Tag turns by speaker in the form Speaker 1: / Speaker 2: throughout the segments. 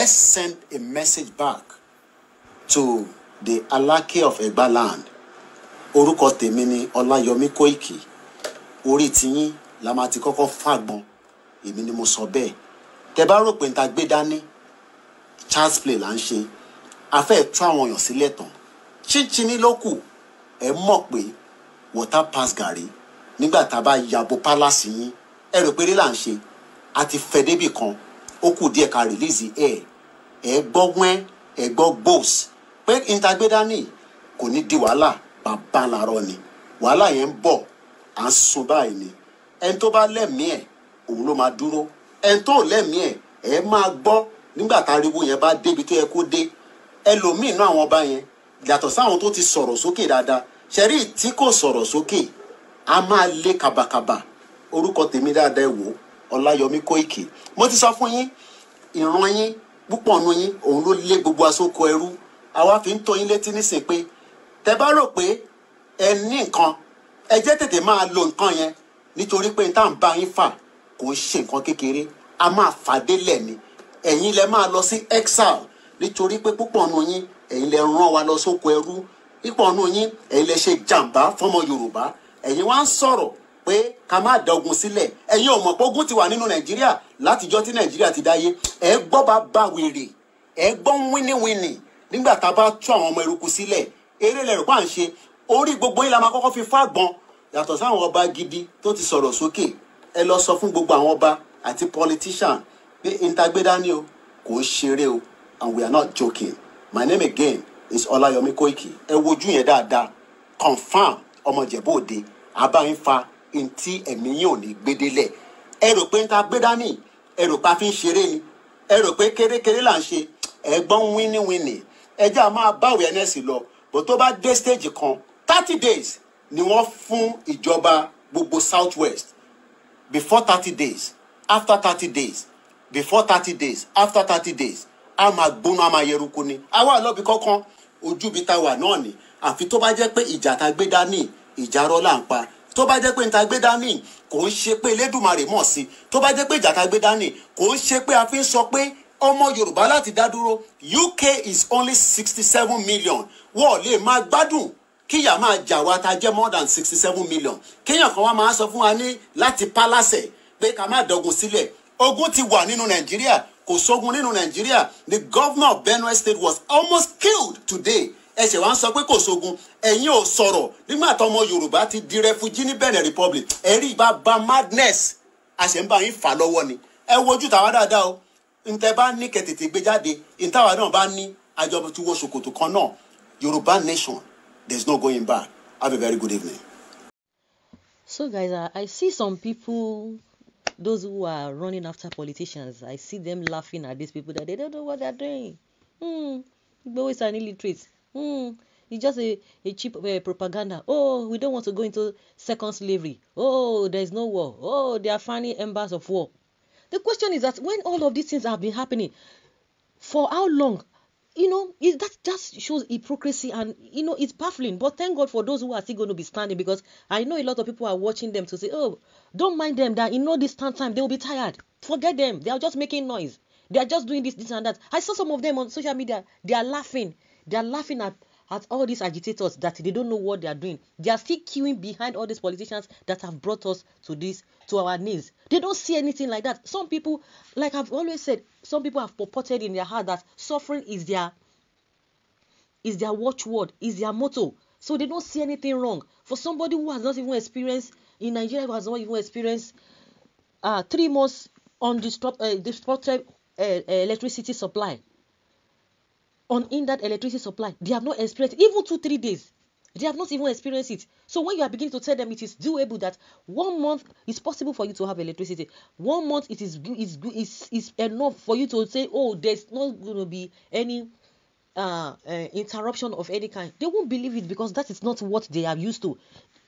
Speaker 1: let's send a message back to the Alake of Egba land orúkọ tèmi ni Ọláyọmí Kóìkì orí tiyín la máa ti kọ́kọ́ fàgbọn èmi ni mo sọ bẹ́ẹ̀ tẹ bá rò pé n ta gbé dání chance play là ń ṣe afẹ́ tú àwọn èèyàn sílẹ̀ tán chinchini ló kù ẹ mọ̀ pé water pass gàrí nígbà tá a bá yàgò palace yín ẹ rò pé rí là ń ṣe a ti fẹ́ débì kan ó kù díẹ̀ ká release air ẹ gbọ́ wẹ́n ẹ gbọ́ gbòòs pé ìtagbé dání kò ní di wàhálà bàbá làárọ ni wàhálà yẹn ń bọ̀ à ń sun báyìí ni ẹni tó bá lẹ́mìí ẹ̀ òun ló máa dúró ẹni tó lẹ́mìí ẹ̀ ẹ máa gbọ́ nígbà táriwo yẹn bá débi tó yẹ kó dé ẹlòmíín náà àwọn ọba yẹn yàtọ̀ sáwọn tó ti sọ̀rọ̀ sókè dáadáa ṣẹ́rí tí kò sọ̀rọ̀ sókè a máa lé kàbàkàbà orúkọ tèmi dáadáa ẹ wò Ọláyọmí Kóìkì mo ti sọ fún yín ìran yín púpọ̀ nu yín òun ló lé gbogbo aṣọ́kọ ẹrú àwa fi ń tó yín létí nísìnyí pé tẹ bá rò pé ẹ ní nǹkan ẹ jẹ́ tètè máa lo nǹkan yẹn nítorí pé tá à ń bá yín fà kò ń ṣe nǹkan kékeré a máa fàdélẹ̀ ni ẹ̀yin lẹ máa lọ sí exile nítorí pé púpọ̀ nu yín ẹ̀yin lẹ rán wa lọ sóko ẹrú púpọ̀ nu yín ẹ̀yin lẹ ṣe jàǹbá fọmọ Yorùbá ẹ̀yin wá ń sọ̀rọ̀ pé ká má dọ̀gùn sílẹ̀ ẹ̀yin ò mọ̀ pé ogun ti wà nínú nàìjíríà látijọ́ tí nàìjíríà ti dáyé ẹ̀ gbọ́ bá bá wèrè ẹ̀ gbọ́ wíníwíní nígbà tá a bá tú àwọn ọmọ eruku sílẹ̀ eré lẹ̀rù pa à ń ṣe orí gbogbo yín la máa kọ́kọ́ fi fágbọ́n yàtọ̀ sáwọn ọba gidi tó ti sọ̀rọ̀ sókè ẹ lọ sọ fún gbogbo àwọn ọba àti politician pé intagbedani o kò ń ṣeré o and we are not joking my name again is Olayomi Koiki ẹ wojú yẹn dáadáa confam ọmọ Ìjẹ̀bú Òde abáyín fa ntí ẹ̀mí yìí ò ní gbédélẹ̀ ẹ rò pé ń ta gbé dání ẹ rò pé fi ń ṣeré ni ẹ rò pé kérékéré là ń ṣe ẹ̀gbọ́n wíníwíní ẹjẹ́ a máa bá awareness lọ bó tó bá dé stage kan thirty days ni wọ́n fún ìjọba gbogbo south west before thirty days after thirty days before thirty days after thirty days a máa gbóná a máa yẹruku ni àwa àlọ́bì kankan ojú ibi tá a wà náà ni àfi tó bá jẹ́ pé ìjà tá gbé dání ìjà rọ́ là ń pa tó bá jẹ́ pé níta gbé dání kò ń ṣe pé elédùnmarè mọ̀ sí tó bá jẹ́ pé ìjà gbé dání kò ń ṣe pé a fi ń sọ pé ọmọ yorùbá láti dá dúró uk is only sixty seven million wọ́n lè máa gbádùn kíyà máa jà wá ta jẹ́ more than sixty seven million kéèyàn kan wá máa sọ fún wa ní láti pálásẹ̀ pé ká má dọ̀gùn sílẹ̀ ogun ti wà nínú nàìjíríà kò sógun nínú nàìjíríà the governor of benue state was almost killed today ẹsẹ̀ wa ń sọ pé kò sógun ẹ̀yin ò sọ̀rọ̀ nígbà tọmọ yorùbá ti di refugee ní benin republic ẹ̀rí ìbá ba madness àṣẹ̀ǹbá yín fà lọ́wọ́ ni ẹ wojú tàwa dáadáa o ntẹ bá ní kẹtètè gbé jáde ntàwa náà bá ní àjọ tí wọ́n ṣòkòtò kan náà yorùbá nation there is no going back have a very good evening.
Speaker 2: so guys uh, i see some people. those who are running after politicians, I see them laughing at these people that they don't know what they're doing. Hmm, Igbo an illiterate. it's hmm. just a, a cheap uh, propaganda. Oh, we don't want to go into second slavery. Oh, there is no war. Oh, they are finding embers of war. The question is that when all of these things have been happening, for how long? You know, it, that just shows hypocrisy and, you know, it's baffling. But thank God for those who are still going to be standing because I know a lot of people are watching them to say, oh, don't mind them that in no distant time they will be tired. Forget them. They are just making noise. They are just doing this, this, and that. I saw some of them on social media. They are laughing. They are laughing at, at all these agitators that they don't know what they are doing. They are still queuing behind all these politicians that have brought us to this, to our knees. They don't see anything like that. Some people, like I've always said, some people have purported in their heart that suffering is their is their watchword, is their motto. So they don't see anything wrong. For somebody who has not even experienced in Nigeria, who has not even experienced uh, three months on disrupt, uh, disrupted uh, electricity supply, unhindered electricity supply. They have not experienced even two, three days. They have not even experienced it. So when you are beginning to tell them it is doable that one month is possible for you to have electricity, one month it is is is, is enough for you to say, oh, there's not going to be any uh, uh, interruption of any kind. They won't believe it because that is not what they are used to.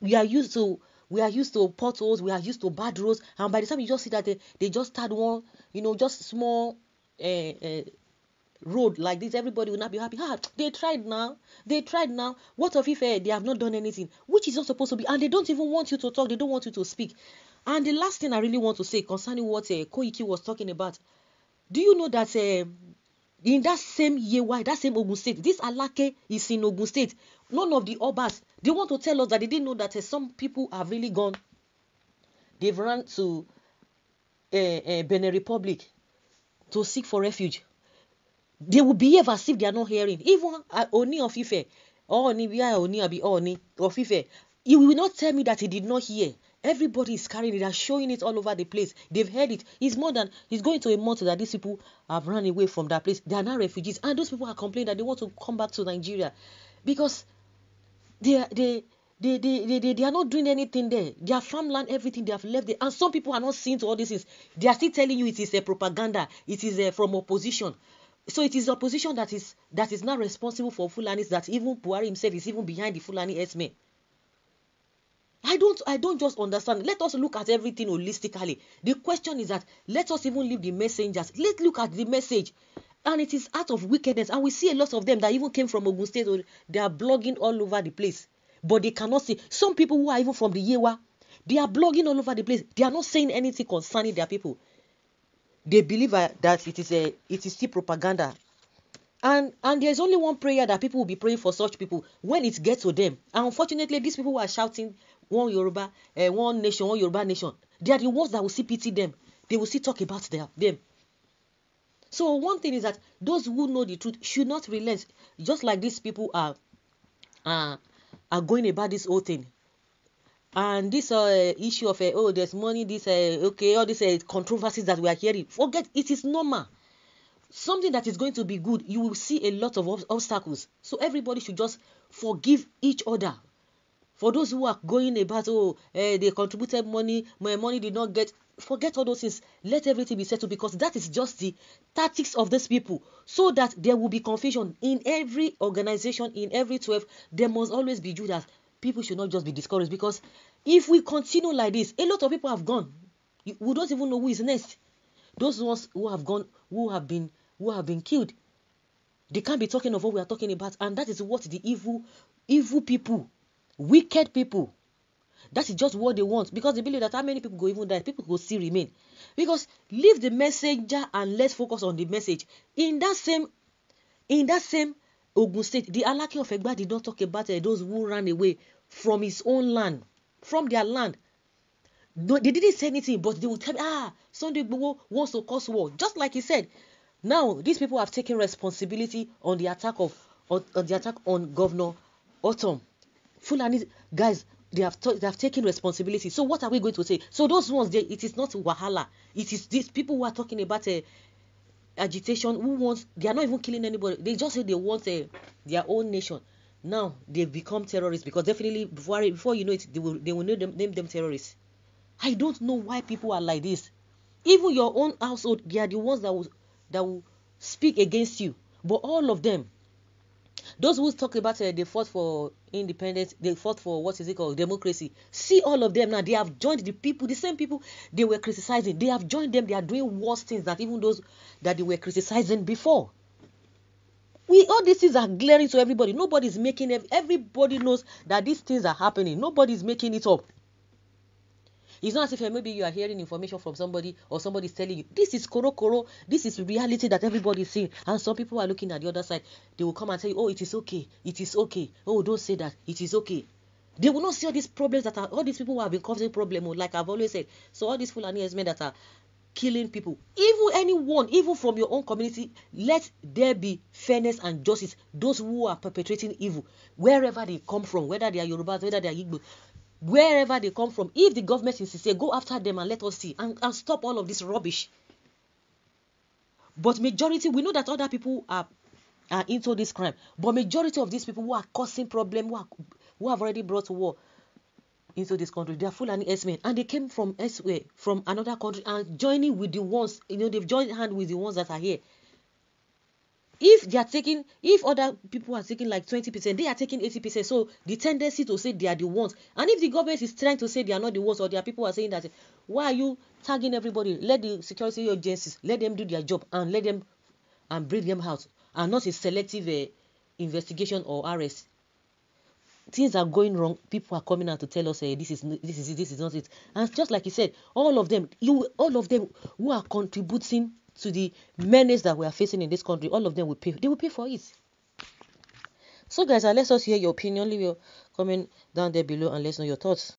Speaker 2: We are used to we are used to potholes, we are used to bad roads, and by the time you just see that they, they just had one, you know, just small uh, uh, road like this, everybody will not be happy. Ah, they tried now. They tried now. What of if eh, they have not done anything, which is not supposed to be, and they don't even want you to talk. They don't want you to speak. And the last thing I really want to say concerning what uh, Koiki was talking about, do you know that uh, in that same why that same Ogun State, this Alake is in Ogun State. None of the Obas, they want to tell us that they didn't know that uh, some people have really gone. They've run to uh, Benin Republic to seek for refuge they will behave as if they are not hearing. Even uh, Oni of Ife, Oni Bia, Oni Abi, Oni of Ife, will not tell me that he did not hear. Everybody is carrying it, they're showing it all over the place. They've heard it. It's more than it's going to a month that these people have run away from that place. They are now refugees, and those people are complaining that they want to come back to Nigeria because they are they they, they, they, they, they are not doing anything there. Their farmland, everything they have left there. And some people are not seeing to all these things. They are still telling you it is a propaganda. It is a, uh, from opposition so it is opposition that is that is now responsible for Fulanis that even Buhari himself is even behind the Fulani herdsmen. I don't I don't just understand. Let us look at everything holistically. The question is that let us even leave the messengers. Let's look at the message. And it is out of wickedness. And we see a lot of them that even came from Ogun State. They are blogging all over the place. But they cannot see. Some people who are even from the Yewa, they are blogging all over the place. They are not saying anything concerning their people they believe uh, that it is a it is still propaganda and and there's only one prayer that people will be praying for such people when it gets to them and unfortunately these people who are shouting one yoruba uh, one nation one yoruba nation they are the ones that will see pity them they will still talk about their, them so one thing is that those who know the truth should not relent just like these people are uh, are going about this whole thing and this uh, issue of uh, oh there's money this uh, okay all these uh, controversies that we are hearing forget it is normal something that is going to be good you will see a lot of obstacles so everybody should just forgive each other for those who are going about oh uh, they contributed money my money did not get forget all those things let everything be settled because that is just the tactics of these people so that there will be confusion in every organization in every 12 there must always be judas people should not just be discouraged because if we continue like this, a lot of people have gone. We don't even know who is next. Those ones who have gone, who have been, who have been killed, they can't be talking of what we are talking about, and that is what the evil, evil people, wicked people, that is just what they want because they believe that how many people go even die, people will still remain. Because leave the messenger and let's focus on the message. In that same, in that same Ogun State, the Alaki of Egba did not talk about uh, those who ran away from his own land, from their land. No, they didn't say anything, but they will tell me, ah, Sunday Igboho wants to cause war. Just like he said. Now, these people have taken responsibility on the attack of on, on the attack on Governor Autumn. Fulani guys, they have they have taken responsibility. So what are we going to say? So those ones, they, it is not wahala. It is these people who are talking about uh, agitation who wants they are not even killing anybody they just say they want a, eh, their own nation now they become terrorists because definitely before before you know it they will they will name them, name them terrorists i don't know why people are like this even your own household they are the ones that will that will speak against you but all of them those who talk about uh, they fought for independence, they fought for what is it called democracy. See all of them now. They have joined the people, the same people they were criticizing. They have joined them. They are doing worse things than even those that they were criticizing before. We all these things are glaring to everybody. Nobody is making Everybody knows that these things are happening. Nobody is making it up. It's not as if eh, maybe you are hearing information from somebody or somebody is telling you this is koro koro, this is reality that everybody is seeing, and some people are looking at the other side. They will come and tell you, oh, it is okay, it is okay. Oh, don't say that, it is okay. They will not see all these problems that are all these people who have been causing problems. Oh, like I've always said, so all these Fulani men that are killing people, even anyone, even from your own community, let there be fairness and justice. Those who are perpetrating evil, wherever they come from, whether they are Yorubas, whether they are Igbo, wherever they come from. If the government is sincere, go after them and let us see and, and stop all of this rubbish. But majority, we know that other people are, are into this crime. But majority of these people who are causing problem, who, are, who have already brought war into this country, they are Fulani S-men. And they came from elsewhere, from another country, and joining with the ones, you know, they've joined hand with the ones that are here if they are taking if other people are taking like 20% they are taking 80% so the tendency to say they are the ones and if the government is trying to say they are not the ones or their people are saying that why are you tagging everybody let the security agencies let them do their job and let them and bring them out and not a selective uh, investigation or arrest things are going wrong people are coming out to tell us hey, eh, this is this is this is not it and just like you said all of them you all of them who are contributing to the menace that we are facing in this country, all of them will pay. They will pay for it. So, guys, uh, let us hear your opinion. Leave your comment down there below and let us know your thoughts.